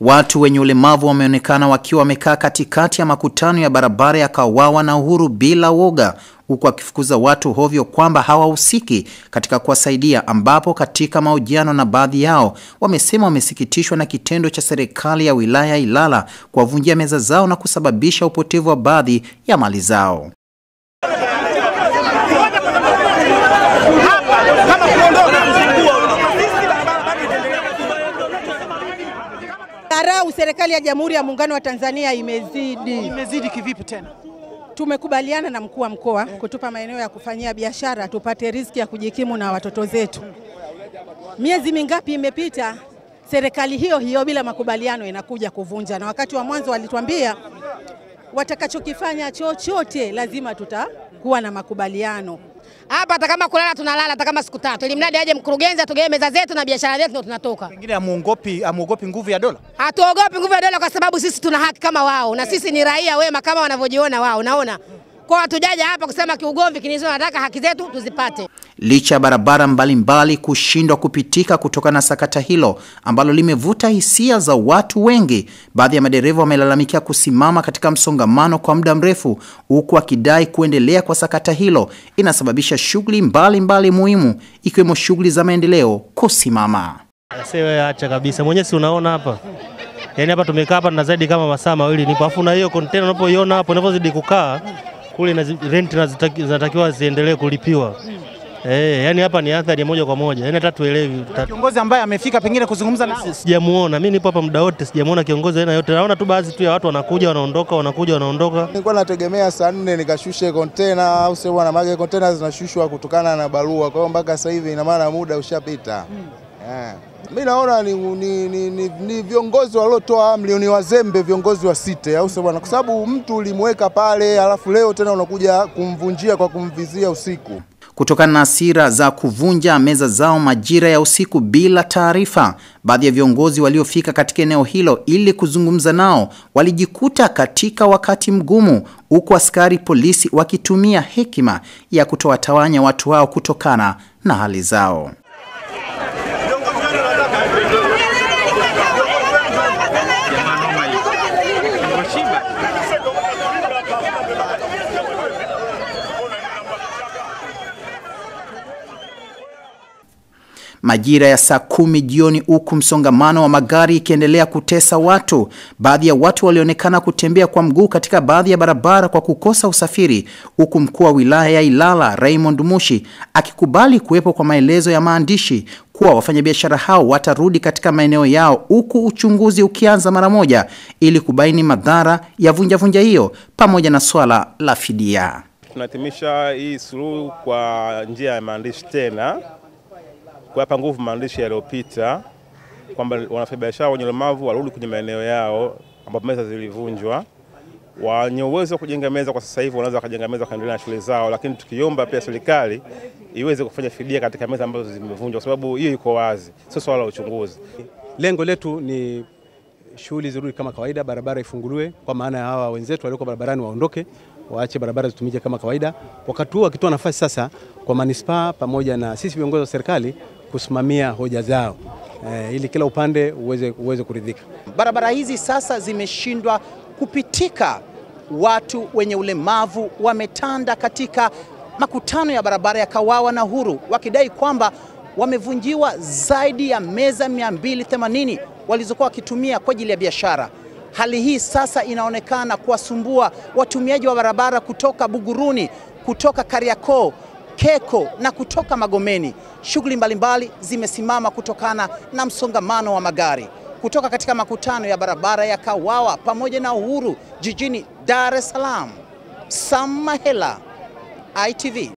Watu wenye ulemavu wameonekana wakiwa wamekaa katikati ya makutano ya barabara ya Kawawa na Uhuru bila woga huku akifukuza watu hovyo kwamba hawahusiki katika kuwasaidia, ambapo katika mahojiano na baadhi yao wamesema wamesikitishwa na kitendo cha serikali ya wilaya Ilala kuwavunjia meza zao na kusababisha upotevu wa baadhi ya mali zao. wadau, serikali ya Jamhuri ya Muungano wa Tanzania imezidi. Imezidi kivipi tena? Tumekubaliana na mkuu wa mkoa kutupa maeneo ya kufanyia biashara tupate riziki ya kujikimu na watoto zetu. Miezi mingapi imepita, serikali hiyo hiyo bila makubaliano inakuja kuvunja, na wakati wa mwanzo walituambia watakachokifanya chochote, lazima tutakuwa na makubaliano hapa. Hata kama kulala tunalala, hata kama siku tatu, ili mradi aje mkurugenzi atugee meza zetu na biashara zetu, ndio tunatoka. Pengine amuogopi amuogopi nguvu ya dola, hatuogopi nguvu ya dola kwa sababu sisi tuna haki kama wao, na sisi ni raia wema kama wanavyojiona wao. Naona kwa hatujaja hapa kusema kiugomvi, kinizo nataka haki zetu tuzipate licha ya barabara mbalimbali kushindwa kupitika kutokana na sakata hilo ambalo limevuta hisia za watu wengi. Baadhi ya madereva wamelalamikia kusimama katika msongamano kwa muda mrefu, huku akidai kuendelea kwa sakata hilo inasababisha shughuli mbalimbali muhimu ikiwemo shughuli za maendeleo kusimama. Sewe acha kabisa, mwenyewe si unaona hapa Yaani hapa tumekaa hapa na zaidi kama masaa mawili nipo, afu na hiyo container unapoiona hapo inavyozidi kukaa kule, na rent zinatakiwa ziendelee kulipiwa. Eh, yani hapa ni athari ya moja kwa moja, yani hata tuelewi kiongozi ambaye amefika pengine kuzungumza nao. Sijamuona mimi, nipo hapa muda wote, sijamuona kiongozi aina yote. Naona tu baadhi tu ya watu wanakuja wanaondoka, wanakuja wanaondoka. Nilikuwa nategemea saa nne nikashushe kontena au sio bwana, mage container zinashushwa kutokana na barua. Kwa hiyo mpaka sasa hivi ina maana muda ushapita. Hmm. Yeah. Mi naona ni, ni, ni, ni, ni viongozi waliotoa amri ni wazembe, viongozi wa site, au sio bwana? Kwa sababu mtu ulimweka pale, alafu leo tena unakuja kumvunjia kwa kumvizia usiku kutokana na hasira za kuvunja meza zao majira ya usiku bila taarifa. Baadhi ya viongozi waliofika katika eneo hilo ili kuzungumza nao walijikuta katika wakati mgumu, huku askari polisi wakitumia hekima ya kutowatawanya watu wao kutokana na hali zao. majira ya saa kumi jioni, huku msongamano wa magari ikiendelea kutesa watu. Baadhi ya watu walionekana kutembea kwa mguu katika baadhi ya barabara kwa kukosa usafiri, huku mkuu wa wilaya ya Ilala Raymond Mushi akikubali kuwepo kwa maelezo ya maandishi kuwa wafanyabiashara hao watarudi katika maeneo yao huku uchunguzi ukianza mara moja ili kubaini madhara ya vunjavunja hiyo pamoja na swala la fidia. Tunahitimisha hii suluhu kwa njia ya maandishi tena kuwapa nguvu maandishi yaliyopita kwamba wanafanyabiashara wenye ulemavu warudi kwenye maeneo yao ambapo meza zilivunjwa. Wenye uwezo wa kujenga meza kwa sasa hivi wanaweza kujenga meza wakaendelea na shughuli zao, lakini tukiomba pia serikali iweze kufanya fidia katika meza ambazo zimevunjwa, kwa sababu hiyo iko wazi, sio swala la uchunguzi. Lengo letu ni shughuli zirudi kama kawaida, barabara ifunguliwe, kwa maana ya hawa wenzetu walioko barabarani waondoke, waache barabara zitumike kama kawaida. Wakati huu wakitoa nafasi sasa kwa manispaa pamoja na sisi viongozi wa serikali kusimamia hoja zao eh, ili kila upande uweze, uweze kuridhika. Barabara hizi sasa zimeshindwa kupitika, watu wenye ulemavu wametanda katika makutano ya barabara ya Kawawa na Huru wakidai kwamba wamevunjiwa zaidi ya meza 280 walizokuwa wakitumia kwa ajili ya biashara. Hali hii sasa inaonekana kuwasumbua watumiaji wa barabara kutoka Buguruni, kutoka Kariakoo Keko na kutoka Magomeni, shughuli mbalimbali zimesimama kutokana na msongamano wa magari kutoka katika makutano ya barabara ya Kawawa pamoja na Uhuru jijini Dar es Salaam. Sam Mahela, ITV.